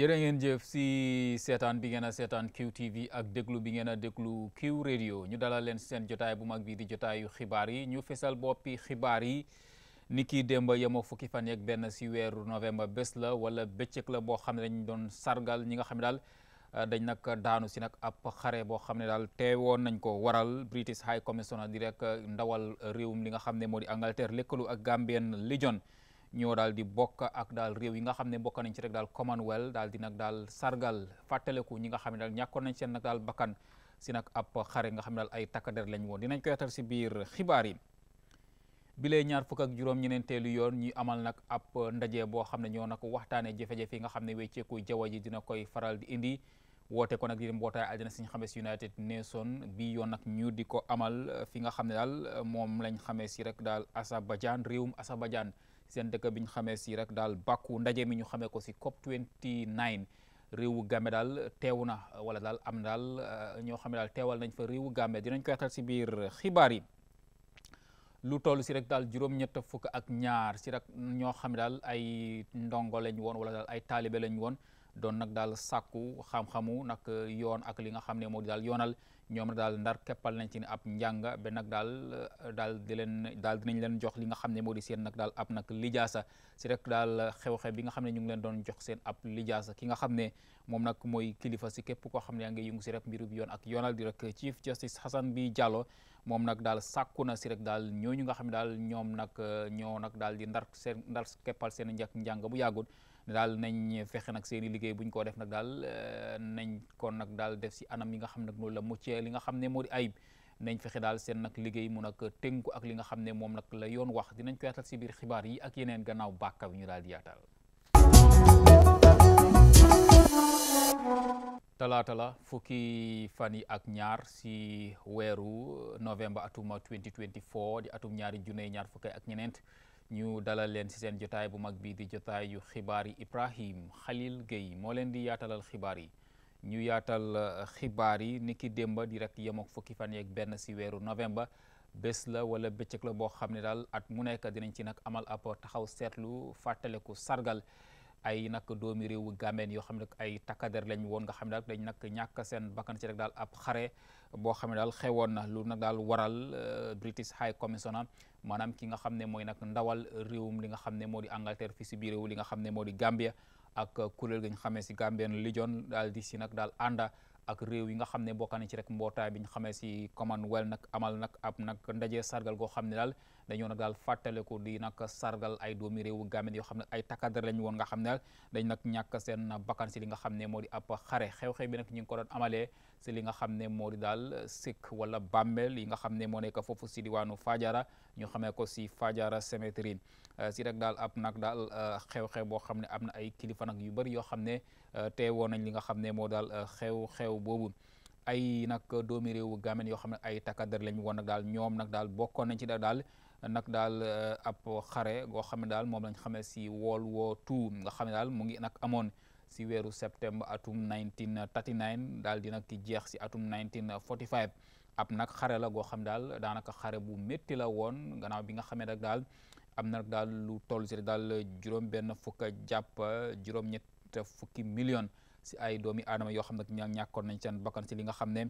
jërë ngeen jëf si seetaan bi ngeen a seetaan QTV ak déglu bi ngeen a déglu Q radio ñu dalal leen seen jotaay bu mag bii di jotaayu xibaar yi ñu fesal boppi xibaar yi ni ki démb yemoo fukki fa yeeg benn si weeru novembre bés la wala bëccëg la boo xam ne dañ doon sargal ñi nga xam ne daal euh, dañ nag daanu si nag ab xare boo xam ne daal teewoon nañ ko waral British High Commissioner di rek euh, ndawal réewum li nga xam ne moo di Angleterre lëkkalu ak Gambian Legion ñoo di bokk ak daal réew yi nga xam ne bokk nañ ci rek commonwealth dal di nag sargal fàttaleku ñi nga dal ne daal ñàkkoon nañ seen bakkan si nak ab xare nga xam ne daal ay takkader lañ woon dinañ ko yatal si biir xibaar yi ñaar ak yoon amal nak ab ndaje bo xam ne ñoo nag waxtaane jafe-jafe yi nga xam ne wecceeku jaww dina koy faral di indi wote ko nag di mbootaay aljana siñ United Nation bi yoon nag ñu ko amal fi nga xam ne daal moom lañ xamee si rek daal Azerbaïdjan réewum seen dëkk bi ñu xamee si rek daal bàkku ndaje mi ñu xamee ko si COP 29 réewu Gambie daal teew na wala daal am daal euh, ñoo xam ne daal teewal nañ fa réewu Gambie dinañ ko yaatal si biir xibaar yi lu toll si rek daal juróom-ñett fukk ak ñaar si rek ñoo xam ne daal ay ndongo lañ woon wala daal ay taalibe lañ woon doon nag daal sàkku xam-xamu nag yoon ak li nga xam ne moo di daal yoonal. ñoom daal ndar keppal nañ ci ne ab njàng ba nag daal daal di leen daal dinañ leen jox li nga xam ne moo di seen nag daal ab nag lijaasa si rek daal xew-xew bi nga xam ne ñu ngi leen doon jox seen ab lijaasa ki nga xam ne moom nag mooy kilifa si képp koo xam ne yaa ngi yëngu si rek mbirub yoon ak yoonal di rek Chief Justice Hassan B. Jallow moom nag daal sàkku na si rek daal ñooñu nga xam ne daal ñoom nag ñoo nag daal di ndar seen ndar keppal seen njàng bu yàggut daal nañ fexe nag seen i liggéey buñ ko def nag daal euh, nañ kon nag daal def si anam yi nga xam nag loolu la muccee li nga xam ne moo di ayib nañ fexe daal seen nag liggéey mu nag tënku ak li nga xam ne moom nag la yoon wax dinañ ko yaatal si biir xibaar yi ak yeneen gannaaw bàkka bi ñu daal di yaatal la fukki fan yi ak ñaar si weeru novembre atuma 2024 di atum ñaari junne ñaar fukki ak ñeneent ñu dalal leen ci seen jotaay bu mag bi di jotaay yu xibaar yi Ibrahim Khalil Gueye moo leen di yaatalal xibaar yi ñu yaatal uh, xibaar yi niki démba di rek yem ak fukki fan yeeg benn ci weeru novembre bés la wala bëccëg la boo xam ne daal at mu nekk dinañ ci nag amal ab taxaw seetlu fàttale fàttaleku sargal ay nag doomi réewu Gambeen yoo xam ne ay takkader lañ woon nga xam ne dañ nag ñàkk seen bakkan ci rek daal ab xare boo xam ne daal xewoon na lu nag daal waral euh, British High Commissioner maanaam ki nga xam ne mooy nag ndawal réewum li nga xam ne moo di Angleterre fii si biir réew li nga xam ne moo di Gambia ak kuréel gi nga xamee si Gambian Legion daal di si nag daal ànda ak réew yi nga xam ne bokk na ci rek mbootaay bi ñu xamee si Commonwealth nag amal nag ab nag ndaje sargal goo xam ne daal dañoo nag daal fàttaliku di nag sargal ay doomi réewu Gambie yoo xam ne ay takadar lañ woon nga xam ne dañ nag ñàkk seen bakkan si nga xam ne moo di ab xare xew bi nag ñu ngi doon amalee si li xam ne moo di daal sikk wala bàmmeel yi nga xam ne moo nekk foofu si diwaanu Fajara ñu xamee ko si Fajara Cemetery euh, si rek daal ab nag daal euh, xew-xew boo xam ne am na ay kilifa nag yu bëri yoo xam ne euh, teewoon nañ li nga xam ne moo daal xew-xew boobu ay nag doomi réewu Gambie yoo xam ne ay takadar lañ woon nag daal ñoom nag daal bokkoon nañ ci nag daal nag daal eh, ab xare goo xam ne daal moom lañ xamee si World War Two nga xam ne daal mu ngi nag amoon si weeru septembre atum 1939 daal di nag jeex si atum 1945 ab nag xare la goo xam daal daanaka xare bu métti la woon gannaaw bi nga xamee nag daal am na daal lu toll si daal juróom benn fukk jàpp juróom-ñett fukki million si ay doomi adama yoo xam ne ña ñàkkoon nañ seen bakkan si li nga xam ne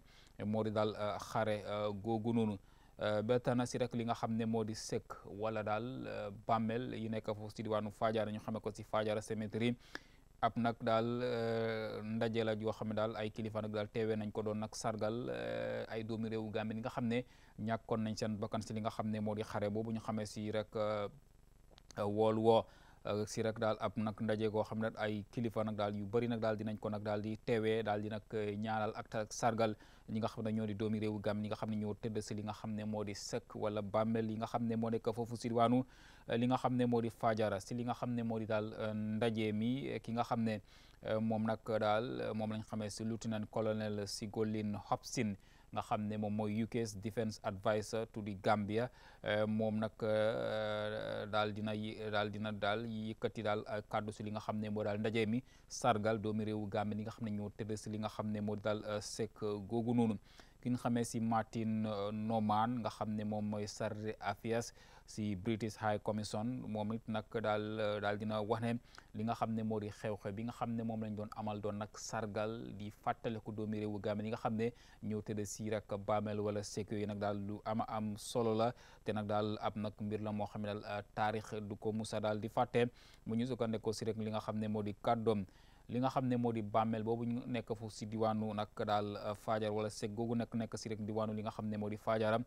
moo di daal eh, xare eh, googu noonu Euh, ba tax na si rek li nga xam ne moo di sëkk wala daal euh, bàmmeel yi nekk foofu si diwaanu Fadiara ñu xamee ko si Fadiara Cemetery ab nag daal euh, ndaje la yoo xam ne daal ay kilifa daal teewe nañ ko doon nag sargal ay doomi réewu Gambie yi nga xam ne ñàkkoon nañ seen bakkan si li nga xam ne moo di xare boobu ñu xamee si rek wool woo Euh, si rek daal ab nag ndaje goo xam ne ay kilifa nag daal yu bari nag daal di nañ ko nag daal di teewee daal di nag euh, ñaanal ak sargal ñi nga xam na ñoo di doomi réewu gam ñi nga xam ne ñoo tëdd si li nga xam ne moo di sëkk wala bàmmeel yi nga xam ne moo nekk foofu si diwaanu euh, li nga xam ne moo di Fajara si li nga xam ne moo di daal ndaje mi ki nga xam ne moom nag daal moom lañ xamee si lieutenant colonel Sigolin Hobson nga xam ne moom mooy UK's defence adviser to the Gambia euh, moom nag euh, daal dina daal dina daal yëkkati daal kàddu si li nga xam ne moo daal ndaje mi sargal doomi réewu Gambie ni nga xam ne ñoo tëdd si li nga xam ne moo daal euh, sek googu noonu ki nga xamee si Martin Norman nga xam ne moom mooy Sarre Affairs si British High Commission moom it nag daal daal dina wax ne li nga xam ne moo di xew-xew bi nga xam ne lañ doon amal doon nag sargal di fàttaliku doomi réewu Gambie yi nga xam ñëw tëdd si rek bàmmeel wala sekk yi nag lu ama am solo la te nag daal ab nag mbir la moo xam ne daal du ko musa daal di fàtte mu ñu sukkandekoo si rek li nga xam ne moo li nga xam ne moo di bàmmeel boobu ñu nekk fu si diwaanu nag daal uh, fajar wala seg googu nag nekk si rek diwaanu li nga xam ne moo di faajaram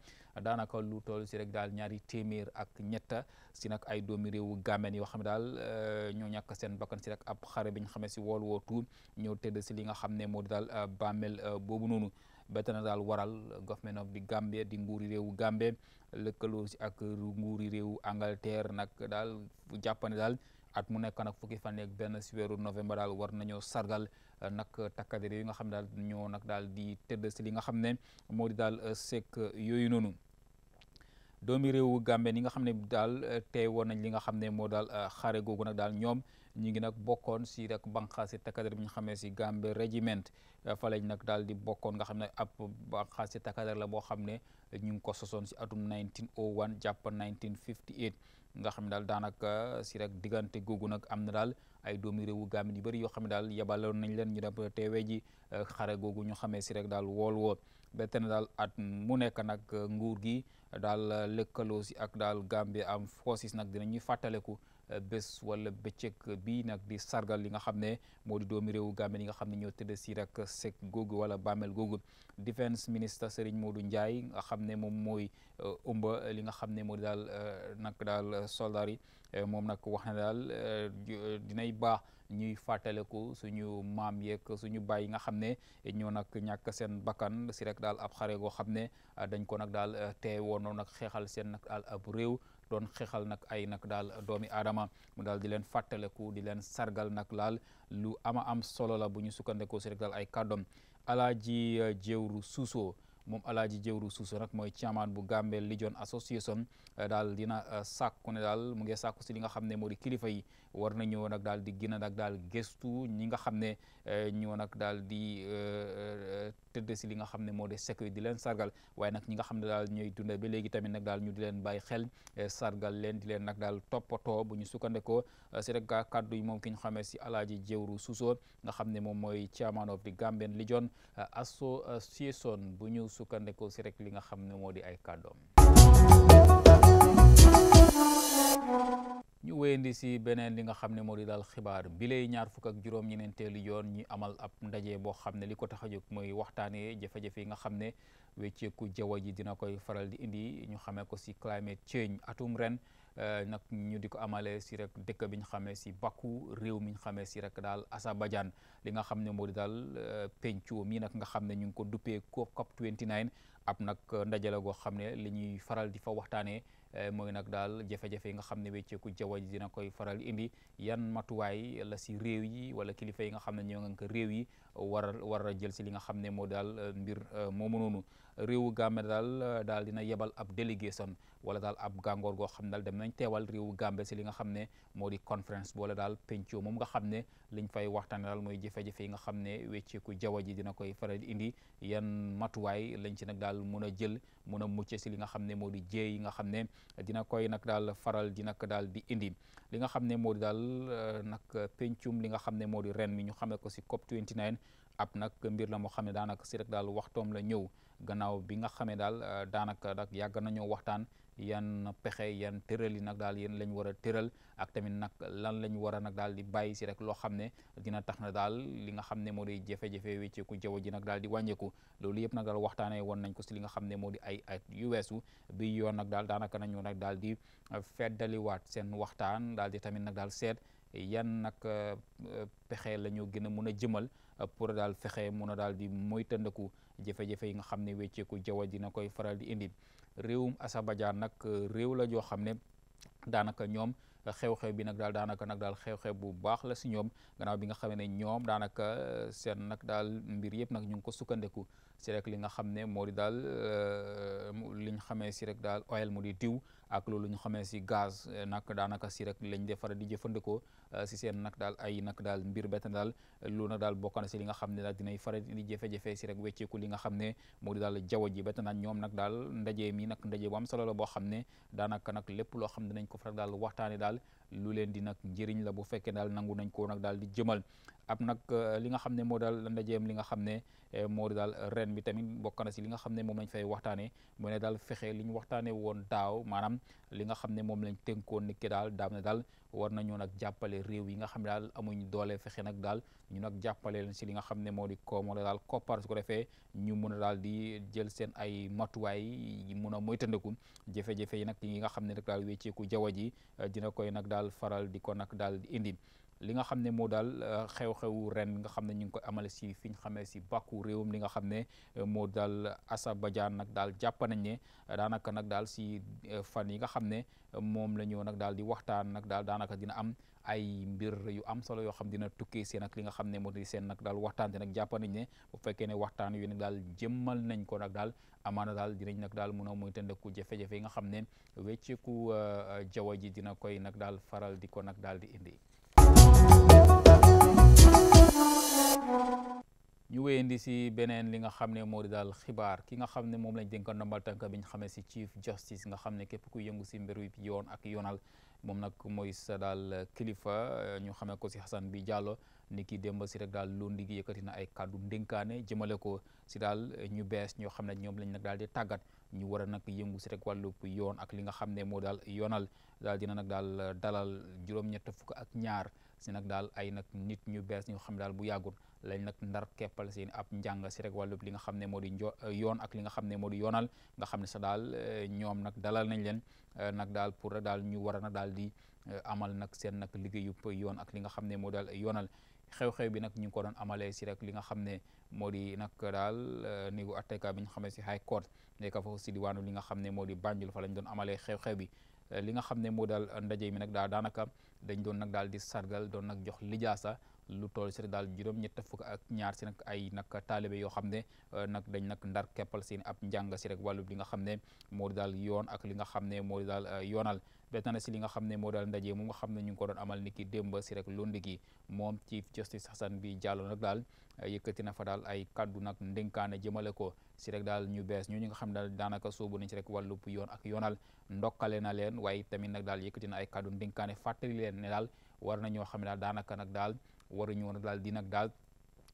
daanaka lu toll si rek daal ñaari téeméer ak ñetta si nag ay doomi réewu gàmmeen yoo xam ne daal uh, ñoo ñàkk seen bakkan si rek ab xare bi ñu xamee si wool wootu ñoo tëdd si li nga xam ne moo di daal uh, bàmmeel boobu noonu bétana daal waral government of di Gambia di nguuri réewu Gambie lëkkaloo si ak nguuri réewu Angleterre nag daal jàppane daal at mu nekk nag fukki fan yeeg benn si weeru novembre daal war nañoo sargal euh, nag takkader yi nga xam ne daal ñoo nag daal di tëdd si li nga xam ne moo di daal euh, sekk euh, yooyu noonu doomi réewu Gambie ni nga xam ne daal teewoon nañ li nga xam ne moo daal xare googu nag daal ñoom ñu ngi nag bokkoon si rek banqaas si takkader bi ñu xamee si Gambie régiment fa lañ nag daal di bokkoon nga xam ne ab banqaas si takkader la boo xam ne ñu ngi ko sosoon si atum 1901 jàpp 1958 nga xam daal daanaka si rek diggante googu nag am na daal ay doomi réewu Gàmbi yu bëri yoo xam ne daal yebaloon nañ leen ñu da teewee ji euh, xare googu ñu xamee si rek daal wool wool bette na daal at mu nekk nag nguur gi daal lëkkaloo si ak daal Gàmbi am forces nag dinañuy fàttaleku bés wala bëccëg bi nag di sargal li nga xam ne moo di doomi réewu Gambie yi nga xam ne ñoo tëdd si rek sek googu wala bàmmeel googu defense minister Serigne Modou Ndiaye nga xam ne moom mooy uh, ëmba li nga xam ne moo di daal uh, nak daal soldat uh, moom nag wax na daal dinay baax ñuy fàttaliku suñu maam yeeg suñu baay yi nga xam ne ñoo nag ñàkk seen bakkan si rek daal ab xare goo xam ne dañ ko nag daal teewoon nag xeexal seen nag daal ab réew doon xeexal nag ay nag daal doomi aadama mu daal di leen fàttaleku di leen sargal nag laal lu ama am solo la bu ñu sukkandekoo si rek daal ay kàddoom alaaji jéewru suusoo moom alaaji jëwru suusu nag mooy chairman bu Gambel Legion Association eh, daal dina eh, sàkku ne daal mu nge sàkku si li nga xam ne moo di kilifa yi war nañoo nag daal di gina a nag daal gëstu ñi nga xam ne eh, ñoo nag daal di tëdd si li nga xam ne moo di sécurité di leen sargal waaye nag ñi nga xam ne daal ñooy dunda ba léegi tamit nag daal ñu di leen bàyyi xel sargal leen di leen nag daal toppatoo bu ñu sukkandekoo si rek kàddu yi moom ki ñu xame si alaaji jëwru suusu nga xam ne moom mooy chairman of the Gambian Legion Association bu ñu sukkandikoo si rek li nga xam ne moo di ay kàddoom ñu wéyandi si beneen li nga xam ne moo di daal xibaar bi lay ñaar fukk ak juróom ñeneenteelu yoon ñi amal ab ndaje boo xam ne li ko tax a jóg mooy waxtaanee jafe-jafe yi nga xam ne wecceku jaww ji dina koy faral di indi ñu xamee ko si climate change atum ren Euh, nag ñu di ko amalee si rek dëkk bi ñu xamee si Baku réew mi ñu xamee si rek daal Azerbaïdjan li nga xam ne moo di daal euh, penco mi nag nga xam ne ñu ngi ko duppee COP 29 ab nag ndajale la goo xam ne li faral di fa waxtaanee. Euh, mooy nag daal jafe-jafe yi nga xam ne wecceeku jaww ji dina koy faral indi yan matuwaay la si réew yi wala kilifa yi nga xam ne ñoo nga ko réew yi war war jël si li nga xam ne moo daal mbir moomu noonu réewu Gambie daal daal dina yebal ab délégation wala daal ab gàngoor goo xam ne daal dem nañ teewal réewu Gambie si li nga xam ne moo di conference boole daal penco moom nga xam ne liñ fay waxtaane daal mooy jafe yi nga xam ne wecceeku jaww ji dina koy faral di indi yan matuwaay lañ ci nag daal mun a jël mun a mucce si li nga xam ne moo di jéey yi nga xam ne dina koy nag daal faral di nag daal di indi li nga xam ne moo di daal eh, nag pencum li nga xam ne moo di ren mi ñu xamee ko si COP 29 ab nag mbir la moo xam ne daanaka si rek daal waxtoom la ñëw gannaaw bi nga xamee daal euh, daanaka nag yàgg nañoo waxtaan yan pexe yan tëral yi nag daal yéen lañ war a tëral ak tamit nag lan lañ war a nag daal di bàyyi si rek loo xam ne dina tax na daal li nga xam ne moo di jafe-jafe wécceeku jaww ji nag daal di wàññeeku loolu yëpp nag daal waxtaanee woon nañ ko si li nga xam ne moo di ay at yu weesu bi yoon nag daal daanaka nañu nag daal di feddaliwaat seen waxtaan daal di tamit nag daal seet yan nag euh, pexe la ñu gën a mun a jëmal pour daal fexe mun a daal di moytandiku jafe-jafe yi nga xam ne wecceeku jaww dina koy faral di indi réewum Azerbaïdjan nag euh, réew la joo xam ne daanaka ñoom. xew-xew bi nag daal daanaka nag daal xew-xew bu baax la si ñoom gannaaw bi nga xamee ne ñoom daanaka euh, seen nag daal mbir yëpp nag ñu ngi ko sukkandiku si rek li nga xam ne moo di daal euh, li ñu xamee si rek daal oil mu di diw ak lu ñu xamee si gaz eh, nag daanaka si rek de dee faral di jëfandikoo eh, si seen nag daal ay nak daal mbir bett na daal loolu nag daal bokk na si li nga xam ne daal dinay faral di jafe-jafe si rek wecceeku li nga xam ne moo di daal jaww ji bett na ñoom nag daal ndaje mi nag ndaje bu am solo la boo xam ne daanaka nag lépp loo xam ne dinañ ko faral daal waxtaane daal lu leen di nag njëriñ la boo fekkee daal nangu nañ ko nag daal di jëmal ab nag euh, li nga xam ne moo daal ndajeem li nga xam ne euh, moo daal ren bi tamit bokk si li nga xam ne moom lañ fay waxtaanee mu ne daal fexe li ñu waxtaanee woon daaw maanaam li nga xam ne moom lañ tënkoon ni ki daal daam ne daal war nañoo nag jàppale réew yi nga xam ne daal amuñ doole fexe nag daal ñu nag jàppale leen si li nga xam ne moo di koom wala daal koppar su ko defee ñu mun a daal di jël seen ay matuwaay mun a moytandiku jafe-jafe yi nag yi nga xam ne rek daal wécceeku jaww ji euh, dina koy nag daal faral di ko nag daal di indi li nga xam ne moo daal xew euh, xew ren nga xam ne ñu ngi ko amale si fi ñu xamee si bàkku réewum li nga xam ne euh, moo daal Azerbaïdjan nag daal jàpp nañ ne euh, daanaka nag daal si fan yi nga xam ne moom la ñu nag daal di waxtaan nag daal daanaka dina am ay mbir yu am solo yoo xam dina tukkee seen ak li nga xam ne moo di seen nag daal waxtaante nag jàpp nañ ne bu fekkee ne waxtaan yu nag daal jëmmal nañ ko nag daal amaana daal dinañ nag daal mun a muy tëndeku jafe-jafe yi nga xam ne wecceeku jaww ji dina koy nag daal faral di ko nag daal di indi ñu wéyandi si beneen li nga xam ne moo di daal xibaar ki nga xam ne moom lañ dénkoon ndombal tànk bi ñu xamee si chief justice nga xam ne képp ku yëngu si mbiru yoon ak yoonal moom nag mooy sa daal kilifa ñu xamee ko si Hassan bi Jallow ni ki démb si rek daal lundi gi na ay kàddu ndénkaane jëmale ko si daal ñu bees ñoo xam ne ñoom lañ nag daal di tàggat ñu war a nag yëngu si rek wàllub yoon ak li nga xam ne moo daal yoonal daal dina nag daal dalal juróom-ñett fukk ak ñaar si nag daal ay nag nit ñu bees ñu xam ne daal bu yàggul lañ nag ndar keppal seen ab njàng si rek wàllub li nga xam ne moo di euh, yoon ak li nga xam ne moo di yoonal nga xam ne sax daal euh, ñoom nag dalal nañ leen euh, nag daal pour rek daal ñu war a nag daal di amal nag seen nag liggéeyub yoon ak li nga xam ne moo daal yoonal xew-xew bi nag ñu ngi ko doon amalee si rek li nga xam ne moo di nag daal néegu atteka bi ñu xamee si high court nekk foofu si diwaanu li nga xam ne moo di Banjul fa lañ doon amalee xew-xew bi li nga xam ne moo daal ndaje mi nag daal daanaka dañ doon nag daal di sargal doon nag jox lijaasa lu toll si daal juróom ñett fukk ak ñaar si nag ay nag taalibe yoo xam ne euh, nag dañ nag ndar keppal seen ab njàng si rek wàllu li nga xam ne moo daal yoon ak li nga xam ne moo daal euh, yoonal betana si li nga xam ne moo daal ndaje moom nga xam ne ñu ngi ko doon amal ni ki démb si rek lundi gi moom Chief Justice Hassan bi Jallow nag daal euh, yëkkati na fa daal ay kaddu nag ndénkaane jëmale ko si rek daal ñu bees ñu ñi nga xam ne daal daanaka soobu nañ si rek wàllu yoon ak yoonal ndokkale na leen waaye tamit nag daal yëkkati na ay kaddu ndénkaane fàttali leen ne daal war na ñoo xam ne daal daanaka nag daal waruñu woon daal di nag daal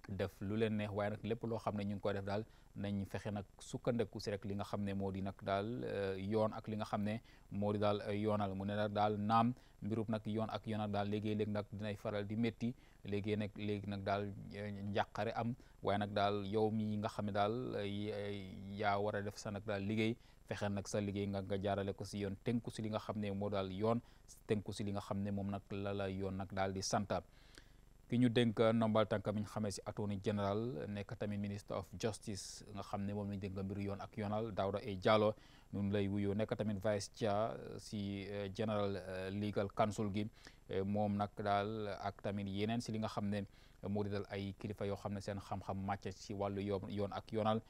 def lu leen neex waaye nag lépp loo xam ne ñu ngi koy def daal nañ fexe nag sukkandeku si rek li nga xam ne moo di nag daal euh, yoon ak li nga xam ne moo di daal euh, yoonal mu ne nag daal naam mbirub nag yoon ak yoonal daal léegi-léegi nag dinay faral di métti léegi nag léegi nag daal euh, njàqare am waaye nag daal yow mi nga xam ne daal yaa war a def sa nag daal liggéey fexe nag sa liggéey nga nga jaarale ko si yoon tënku si li nga xam ne moo daal yoon tënku si li nga xam ne moom nag la yoon nag daal di santa ki ñu dénk ndombal tànkam ñu xamee si attorney general nekk tamit minister of justice nga xam ne moom lañ dénk mbiru yoon ak yonal Dawda A jaalo ñun lay wuyoo nekk tamit vice chair si euh, euh, general euh, legal council gi moom nag daal ak tamit yeneen si li nga xam ne moo di dal ay kilifa yoo xam ne seen xam-xam màcc si wàllu yoon yoon ak yoonal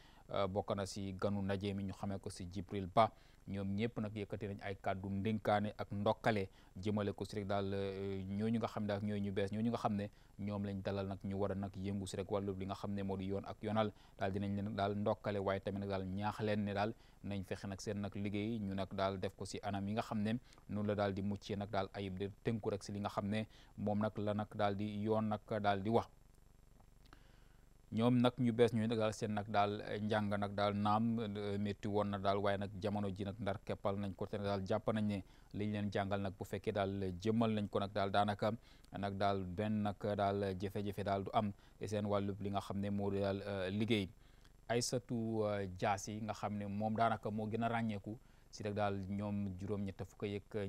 bokk na si ganu ndaje mi ñu xamee ko si Jibril Ba. ñoom ñëpp nag yëkkati nañ ay kàddu ndénkaane ak ndokkale jëmale ko si rek daal euh, ñooñu nga xam ne ak ñooy ñu bees ñooñu nga xam ne ñoom lañ dalal nag ñu war a nag yëngu si rek li nga xam ne moo di yoon ak yoonal daal dinañ leen daal ndokkale waaye tamit nag daal ñaax leen ne daal nañ fexe nag seen nag liggéey ñu nag daal def ko si anam yi nga xam ne noonu la daal di muccee nag daal ayib de tënku rek si li nga xam ne moom nag la nag daal di yoon nag daal di wax ñoom nag ñu bees ñooy daal seen nag daal eh, njàng nag daal naam eh, métti woon na daal waaye nag jamono ji nag ndar keppal nañ ko te daal jàpp nañ ne li ñu leen jàngal nag bu fekkee daal jëmmal nañ ko nag daal daanaka nag daal benn nag daal jafe-jafe daal du am seen wàllub li nga xam ne moo di daal eh, liggéey Aysatu Jaasi nga xam ne moom daanaka moo gën a ràññeeku si rek daal ñoom juróom-ñett fukk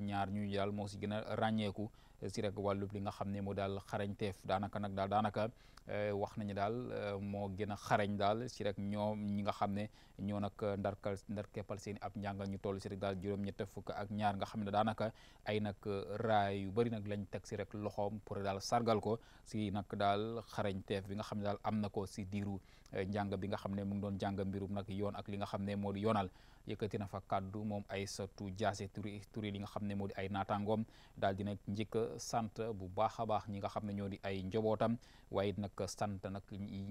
ñaar ñu daal moo si gën a ràññeeku si rek wàllub li nga xam ne moo daal xarañteef daanaka nag daal daanaka Euh, wax nañu daal euh, moo gën a xarañ daal si rek ñoom ñi nga xam ne ñoo nag ndarkal ndarkeppal seen ab njàngal ñu toll si rek daal juróom-ñett fukk ak ñaar nga xam ne daanaka ay nag raay yu bëri nag lañ teg si rek loxoom pour daal sargal ko si nag daal xarañteef bi nga xam ne daal am na ko si diiru euh, njàng bi nga xam ne mu ngi doon jàng mbirum nag yoon ak li nga xam ne moo di yoonal yëkkati na fa kàddu moom ay satu jaase turi turi li nga xam ne moo di ay naataangoom daal dina njëkk sant bu baax a baax ñi nga xam ne ñoo di ay njobootam nag sant nag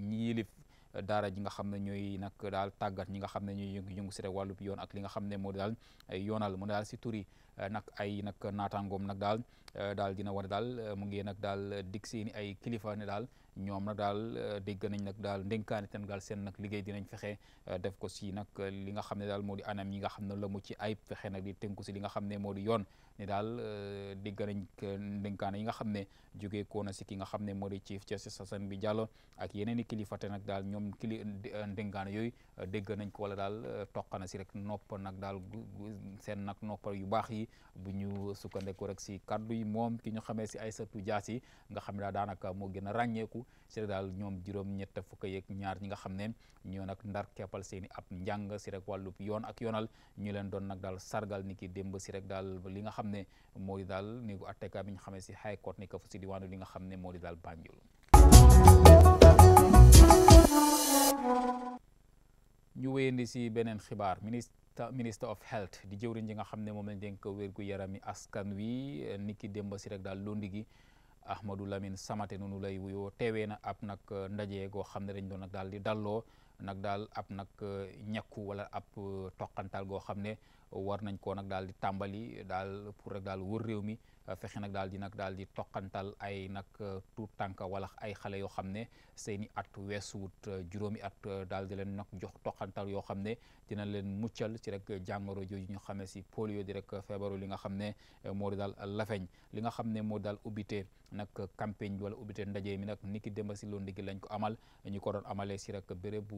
ñi yilif daara ji nga xam ne ñooy nag daal tàggat ñi nga xam ne ñooy yëngu si rek wàllub yoon ak li nga xam ne moo daal yoonal mu daal si turi nag ay nag naataangoom nag daal Euh, daal dina war daal euh, mu ngi nag daal euh, dig seeni ay kilifa ne daal ñoom nag daal dégg nañ nag daal ndénkaane tam daal seen nag liggéey dinañ fexe def ko si nag li nga xam ne daal moo di anam yi nga xam ne la mu ci ayib fexe nag di tënku si li nga xam ne moo di yoon ne daal dégg nañ ndénkaane yi nga xam ne jógee koo na si ki nga xam ne moo di Chief Justice Assane bi Jallow ak yeneen i kilifa te nag daal ñoom kili ndénkaane yooyu dégg nañ ko wala daal toqana si rek nopp nag daal seen nag nopp yu baax yi bu ñu sukkandeku rek si kaddu bi moom ki ñu xamee si Aïssatou Dias yi nga xam ne daal daanaka moo gën a ràññeeku si rek daal ñoom juróom ñett fukk yeeg ñaar ñi nga xam ne ñoo nag ndar keppal seen i ab njàng si rek wàllub yoon ak yoonal ñu leen doon nag daal sargal ni ki démb si rek daal li nga xam ne moo di daal néegu atteka bi ñu xamee si high court ni ko si diwaanu li nga xam ne moo di daal Banjul beneen xibaar ministre ministre ministre of health di jëwriñ ji nga xam ne moom lañ dénk wérgu yarami askan wi niki démb si rek daal londi gi Ahmadou Lamine Samate noonu lay wuyoo teewee na ab nag ndaje goo xam ne dañ doon nag daal di dalloo nag daal ab nag ñakku wala ab toqantal goo xam ne war nañ koo nag daal di tàmbali daal pour rek daal wër réew mi fexe nag daal di nag daal di toqantal ay nag euh, tuut tànk wala ay xale yoo xam ne seeni at weesuwut euh, juróomi at euh, daal di leen nag jox toqantal yoo xam ne dina leen muccal si rek jàngoro jooju ñu xamee si polio di rek feebaru li nga xam ne moo daal lafeñ li nga xam ne moo daal ubbite nag campagne wala ubbite ndaje mi nag niki démb si loolu ndigi lañ ko amal ñu ko doon amalee si rek béréb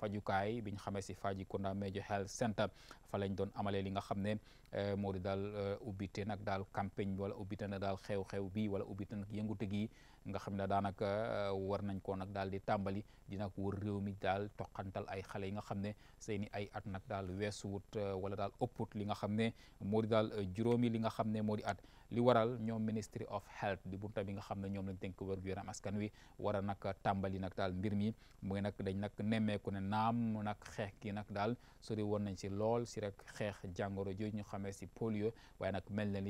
fajukaay bi ñu xamee si Fajikunda Major Health Center fa lañ doon amalee li nga xam ne Eh, moo di daal eh, ubbite nag daal campagne wala ubbite nag daal xew-xew bi wala ubbite nag yëngute gi nga xam ne daanaka euh, war nañ koo nag daal di tàmbali dina ko wër réew mi daal toqantal ay xale yi nga xam ne seeni ay at nag daal weesuwut euh, wala daal ëpput li nga xam ne moo di daal euh, juróomi li nga xam ne moo di at li waral ñoom ministry of health bi nga xam ne ñoom lañ tënk wér gu yaram askan wi war nag tàmbali nag daal mbir mi mooy nag dañ nag nemmeeku ne naam nag xeex gi nag daal sori woon nañ si lool si rek xeex jàngoro jooju ñu xamee si polio waaye nag mel na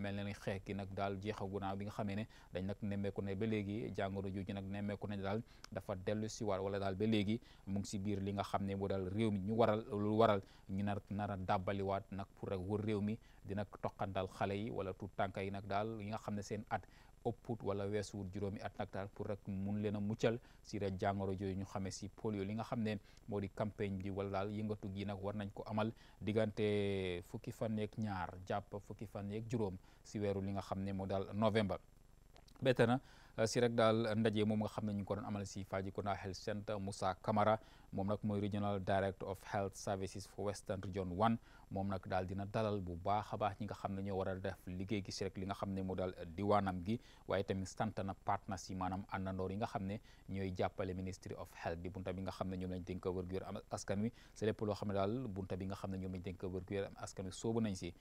mel na ni xeex gi nag daal jeexagu naaw bi nga xamee ne dañ nag nemmeeku ne ba léegi jàngoro jooju nag nemmeeku nañ dal dafa dellu si waat wala dal ba léegi mu ngi si biir li nga xam ne moo réew mi ñu waral lu waral ñu nar nar a dàbbaliwaat nag pour rek wër réew mi dina toqandal xale yi wala tuut tànka yi nag daal yi nga xam seen at ëpput wala weesuwut juróomi at nag daal pour rek mun muccal si rek jangoro jooju ñu xamee si polio li nga xam ne moo di campagne dal, wala daal yëngatu gi nag war nañ ko amal digante fukki fan yeeg ñaar jàpp fukki fan yeeg juróom si weeru li nga xam ne novembre bette na eh, si rek daal ndaje moom nga xam ne ñu ko doon amal si Fajikunda Health Center Moussa Camara moom nag mooy Regional Director of Health Services for Western Region 1 moom nag daal dina dalal bu baax a baax ñi nga xam ne ñoo war a def liggéey gi si rek li nga xam ne moo daal diwaanam gi waaye tamit sant na partenaires yi maanaam àndandoor yi nga xam ne ñooy jàppale Ministry of Health bi bunta bi nga xam ne ñoom lañ dénk wér gu yaram askan wi si loo xam ne daal bunta bi nga xam ne ñoom lañ dénk wér gu yaram askan wi soobu nañ si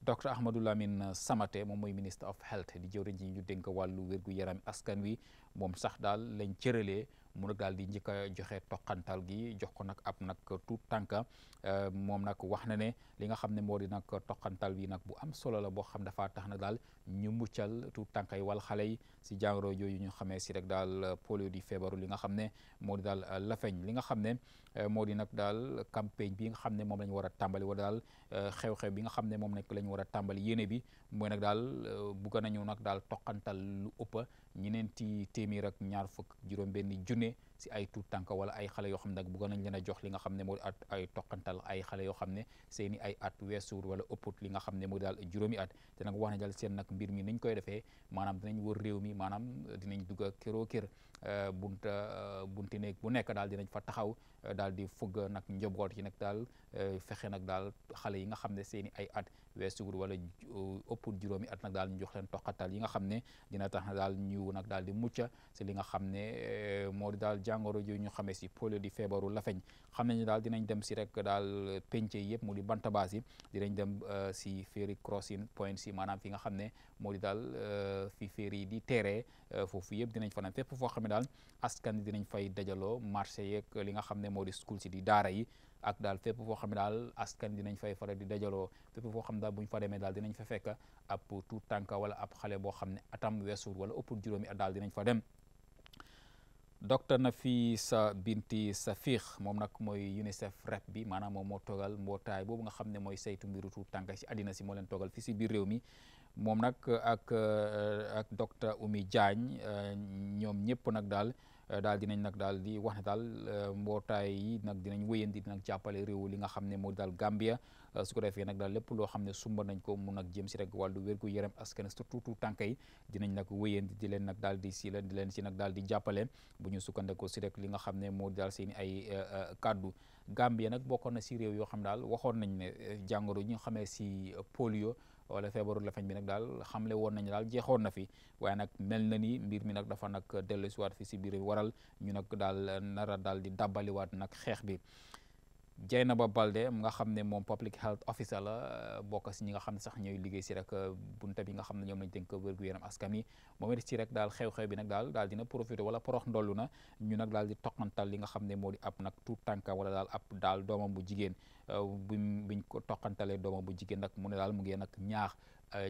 Dr Ahmadou Lamine Samaté moom mooy ministre of health di jëwriñ ji ñu dénk wàllu wér yaram askan wi moom sax daal lañ cëralee mu nag daal di njëkk joxe toqantal gi jox ko nag ab nag tout tànka euh, moom nag wax na ne li nga xam ne moo di nag toqantal bi nag bu am solo la boo xam dafa tax nag daal ñu muccal tout tànka yi wal xale yi si jàngoro yooyu ñu xamee si rek daal polio di feebaru li nga xam ne moo daal euh, lafeñ li nga xam ne euh, moo nag daal campagne bi nga xam ne moom la war a tàmbali wala daal xew bi nga xam ne moom nag la ñu war a tàmbali yéene bi mooy nag daal bugg nañu nag daal toqantal lu ëpp ñeneenti téeméer ñaar fukk juróom benn junne me si ay tuut tànk wala ay xale yoo xam ne nag bëggoon nañ leen a jox li nga xam ne moo di at ay toqantal ay xale yoo xam ne seen i ay at weesuur wala ëpput li nga xam ne moo daal juróomi at te nag wax na daal seen nag mbir mi niñ koy defee maanaam dinañ wër réew mi maanaam dinañ dugg a këroo kër euh, bunta euh, bunti néeg bu nekk daal dinañ fa taxaw euh, daal di fugg nag njaboot yi nag daal fexe nag daal xale yi nga xam ne seen ay at weesuur wala ëpput juróomi at nag daal leen toqantal yi nga xam ne dina tax daal ñu nag daal di mucc si li nga xam ne moo di daal jàngoro ji ñu xamee si polio di feebaru lafeñ xam nañu daal dinañ dem si rek daal penc yëpp mu di Bantabasi yi dinañ dem euh, si ferry crossing point si maanaam fi nga xam ne moo di daal euh, fi ferry di teeree euh, foofu yëpp dinañ fanaan fépp foo xam ne daal askan dinañ fay dajaloo marché yeeg li nga xam ne moo di school si di daara yi ak daal fépp foo xam ne daal askan dinañ fay faral di dajaloo fépp foo xam ne daal bu ñu fa demee daal dinañ fa fekk ab tuut tànka wala ab xale boo xam ne atam weesul wala ëpp juróomi at daal dinañ fa dem na docteur Nafisa Binti Safiq moom nag mooy UNICEF rep bi maanaam moom moo togal mbootaay boobu nga xam ne mooy saytu mbiru tuut tànk si àddina si mo leen toogal fii si biir réew mi moom nag ak ak docteur Oumy Diagne euh, ñoom ñëpp nag daal daal dinañ nag daal di wax ne daal euh, mbootaay yi nag dinañ wéyandi nag jàppale réew li nga xam ne moo daal Gambia euh, su ko defee nag daal lépp loo xam ne sumba nañ ko mun nag jëm si rek wàllu wérgu yaram askan surtout tout tànk yi dinañ nag wéyandi di leen nag daal di si di leen si nag daal di jàppale bu ñu sukkandekoo si rek li nga xam ne moo daal seen ay euh, kàddu Gambia nag bokkoon na si réew yoo xam daal waxoon nañ ne jàngoro ñu xamee si polio wala feebaru la feñ bi nag daal xamle woon nañu daal jeexoon na fi waaye nag mel na ni mbir mi nag dafa nag dellusiwaat fi si biir waral ñu nag daal nara daal di dàbbaliwaat nag xeex bi na Dieynaba Balde nga xam ne moom public health officer la euh, bokk si ñi nga xam ne sax ñooy liggéey si rek euh, bunta bi nga xam ne ñoom lañ dénk wér-gu-yaram askan wi moom si rek xew-xew bi nag daal daal dina profité wala porox ndollu ñu nag daal di toqantal li nga xam ne moo di ab nag tout tànka wala daal ab daal doomam bu jigéen euh, biñ ko toqantalee doomam bu jigéen nag mu ne daal mu ngi nag ñaax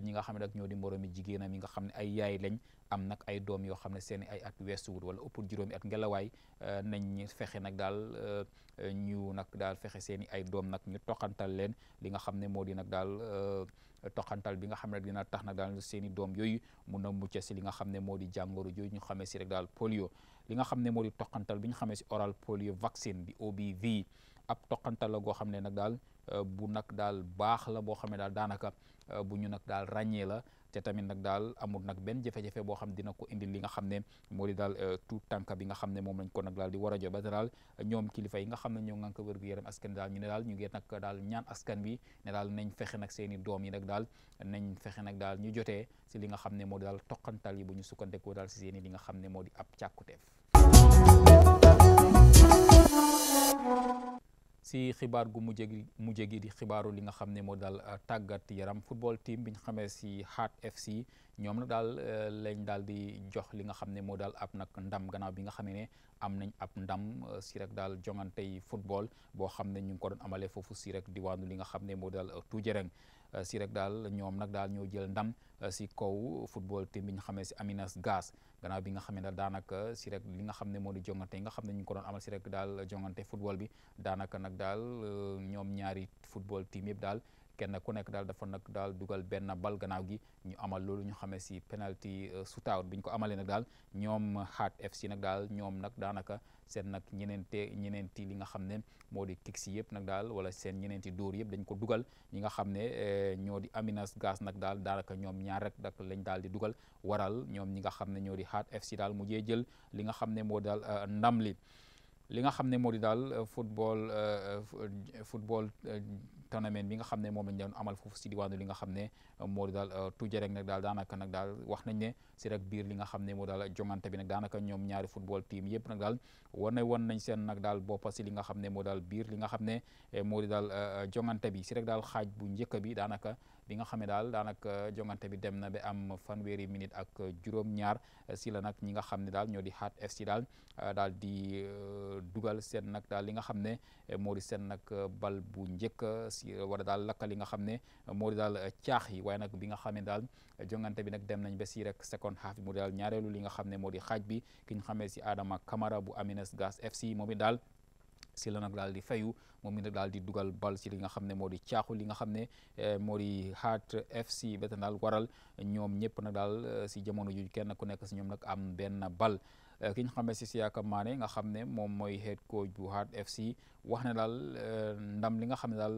ñi nga xam ne rek ñoo di moroomi jigéenam yi nga xam ne ay yaay lañ am nag ay doom yoo xam ne seen ay at weesuwul wala ëpp juróomi at ngelawaay euh, nañ fexe nag daal euh, ñu nag daal fexe seen i ay doom nag ñu toqantal leen li nga xam ne moo di nag daal euh, toqantal bi nga xam ne dina tax nag daal seen i yooyu mun a mucc si li nga xam ne moo di jàngoro jooyu ñu xamee si rek daal polio li nga xam ne moo toqantal bi ñu xamee si oral polio vaccine bi OBV ab toqantal la goo xam ne nag daal bu nag daal baax la boo xam ne daal daanaka bu ñu nag daal ràññee la te tamit nag daal amul nag benn jafe-jafe boo xam dina ko indil li nga xam ne moo di daal euh, tout tànk bi nga xam ne lañ ko nag daal di war a jo ba kilifa yi nga xam ñoo ngànk wér gu yaram askan dal ñu ne daal ñu ngi nag daal ñaan askan bi ne daal nañ fexe nag seen i doom yi nag daal nañ fexe nag daal ñu jotee si li nga xam ne moo di daal toqantal yi bu ñu sukkandekoo daal si seen i li nga xam ne moo di ab càkkuteef si xibaar gu mujj gi mujj gi di xibaaru li nga xam ne moo daal euh, tàggat yaram football team bi ñu xamee si Heart FC ñoom nag daal euh, lañ daal di jox li nga xam ne moo daal ab nag ndam gannaaw bi nga xam ne am nañ ab ndam si euh, rek daal jongantey football boo xam ne ñu ngi ko doon amalee foofu si rek diwaanu li nga xam ne moo daal Tujereng si rek daal ñoom nag daal ñoo jël ndam. si kaw football team bi ñu xamee si Aminas Gaz gannaaw bi nga xam ne daanaka si rek li nga xam ne moo di jongante yi nga xam ne ñu ko doon amal si rek daal jongante football bi daanaka nag daal euh, ñoom ñaari football team yëpp daal kenn ku nekk daal dafa nag daal dugal benn bal gannaaw gi ñu amal loolu ñu xamee si penalty euh, shootout bi ñu ko amalee nag daal ñoom Heart FC nag daal ñoom nag daanaka seen nag ñeneente ñeneenti li nga xam ne moo di kicks yëpp nag daal wala seen ñeneenti dóor yëpp dañ ko dugal ñi nga xam ne eh, ñoo di Aminas Gas nag daal daanaka ñoom ñaar rek dak lañ daal di dugal waral ñoom ñi nga xam ne ñoo di Hard FC daal mujjee jël li nga xam ne moo daal eh, ndam li li nga xam ne moo di daal euh, football euh, euh, football tournament bi nga xam ne moom lañ doon amal foofu si di diwaanu li nga xam ne moo di daal tujje nag daal daanaka nag daal wax nañ ne si rek biir li nga xam ne moo daal jongante bi nag daanaka ñoom ñaari football team yëpp nag daal war na wan nañ seen nag daal boppa si li nga xam ne moo daal biir li nga xam ne moo di daal jongante bi si rek daal xaaj bu njëkk bi daanaka bi nga xam ne daal daanaka euh, jongante bi dem na ba am fanweeri minute ak euh, juróom-ñaar euh, si la nag ñi nga xam ne daal ñoo di Heart FC daal daal di dugal seen nag daal li nga xam ne moo di seen nag bal bu njëkk si wala daal lakka li nga xam ne moo di daal caax yi waaye nag bi nga xam daal jongante bi nag dem nañ ba si rek second half bi moo di daal ñaareelu li nga xam ne moo di xaaj bi ki ñu xamee si Adama Kamara bu Aminas Gas FC moom it daal si la nag daal di fayu moom mi nag daal di dugal bal si li nga xam ne moo di caaxu li nga xam ne eh, moo di Heart FC beten daal waral ñoom ñëpp nag daal eh, si jamono ju kenn ku nekk si ñoom nag am benn bal eh, ki ñu xamee si Siyaka Mané nga xam ne moom mooy head coach bu Heart FC wax ne daal ndam li nga xam ne daal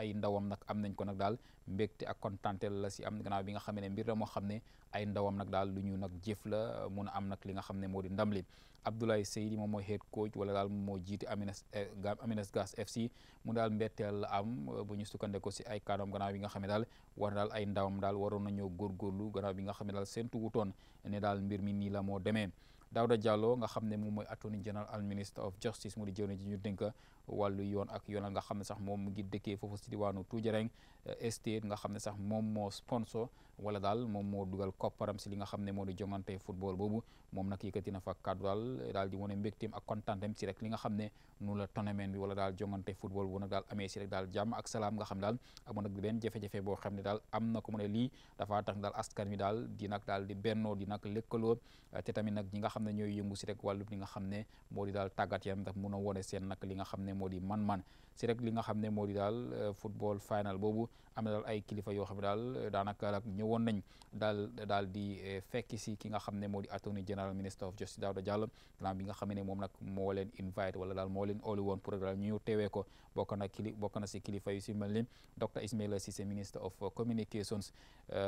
ay ndawam nag am nañ ko nag daal mbégte ak kontante la si am gannaaw bi nga xam ne mbir moo xam ne ay ndawam nag daal lu ñu nag jëf la mun am nag li nga xam ne moo di ndam li Abdoulaye Seydi moom mooy head coach wala daal moom moo jiite Amines eh, Amines Gas FC mu daal mbetteel la am eh, bu ñu sukkandeko si ay kàddoom gannaaw bi nga xam ne daal war daal ay ndawam daal waroon nañoo góorgóorlu gannaaw bi nga xam ne daal seentu wutoon ne daal mbir mi nii la moo demee Dawda Diallo nga xam ne moom mooy attorney general and minister of justice mu di jëwne ji ñu dénk wàllu yoon ak yoonal nga xam ne sax moom mu ngi dëkkee foofu si diwaanu Tuujareng eh, Estate ne sax moom moo sponsor wala daal moom moo dugal kopparam si li nga xam ne moo di jongante football boobu moom nag yëkkati na fa kàddu daal daal di wane mbégteem ak kontaanteem si rek li nga xam ne nu la tournament bi wala daal jongante football bu nag daal amee si rek daal jàmm ak salaam nga xam daal amoon nag benn jafe-jafe boo xam ne daal am na ko mu ne lii dafaa tax daal askan wi daal di nag daal di bennoo di nag lëkkaloo eh, te tamit nag xam ne ñooy yëngu si rek wàllu li nga xam ne moo di a wone seen nag li nga xam ne modi man man si rek li nga xam ne moo di daal euh, football final boobu am na daal ay kilifa yoo xam ne daal euh, daanaka nag ñëwoon nañ daal daal di euh, fekki si ki nga xam ne moo di attorney general minister of justice Dawda Jallow bi nga xam ne moom nag moo leen invite wala daal moo leen oolu woon pour daal ñu teewee ko bokk na kili bokk na si kilifa yu si mel ni docteur Ismaila Ceesay minister of communications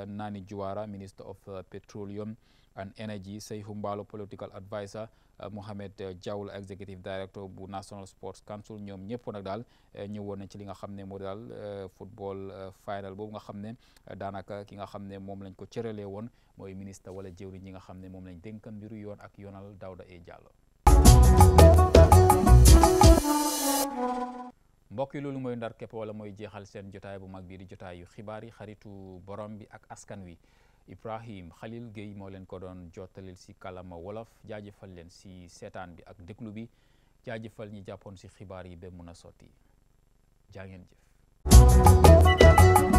Nani Juwara minister of petroleum and energy Seyhu Mballo political adviser Mohamed Jawul executive director bu National Sports Council ñoom ñëpp nag daal Euh, ñëwoon nañ ci li nga xam ne moo daal euh, football euh, final boobu nga xam ne daanaka ki nga xam ne moom lañ ko cëralee woon mooy ministre wala jëwriñ ñi nga xam ne moom lañ dénkan mbiru yoon ak yoonal Dawda A Jallow mbokk yi loolu mooy ndar képp wala mooy jeexal seen jotaay bu mag bii di jotaayu xibaar yi xaritu borom bi ak askan wi Ibrahim Khalil Gueye moo leen ko doon jottalil si kàllaama wala jaajëfal leen si seetaan bi ak déglu bi jaajëfal ñi jàppoon si xibaar yi ba mun a sotti. jaa ngeen jëf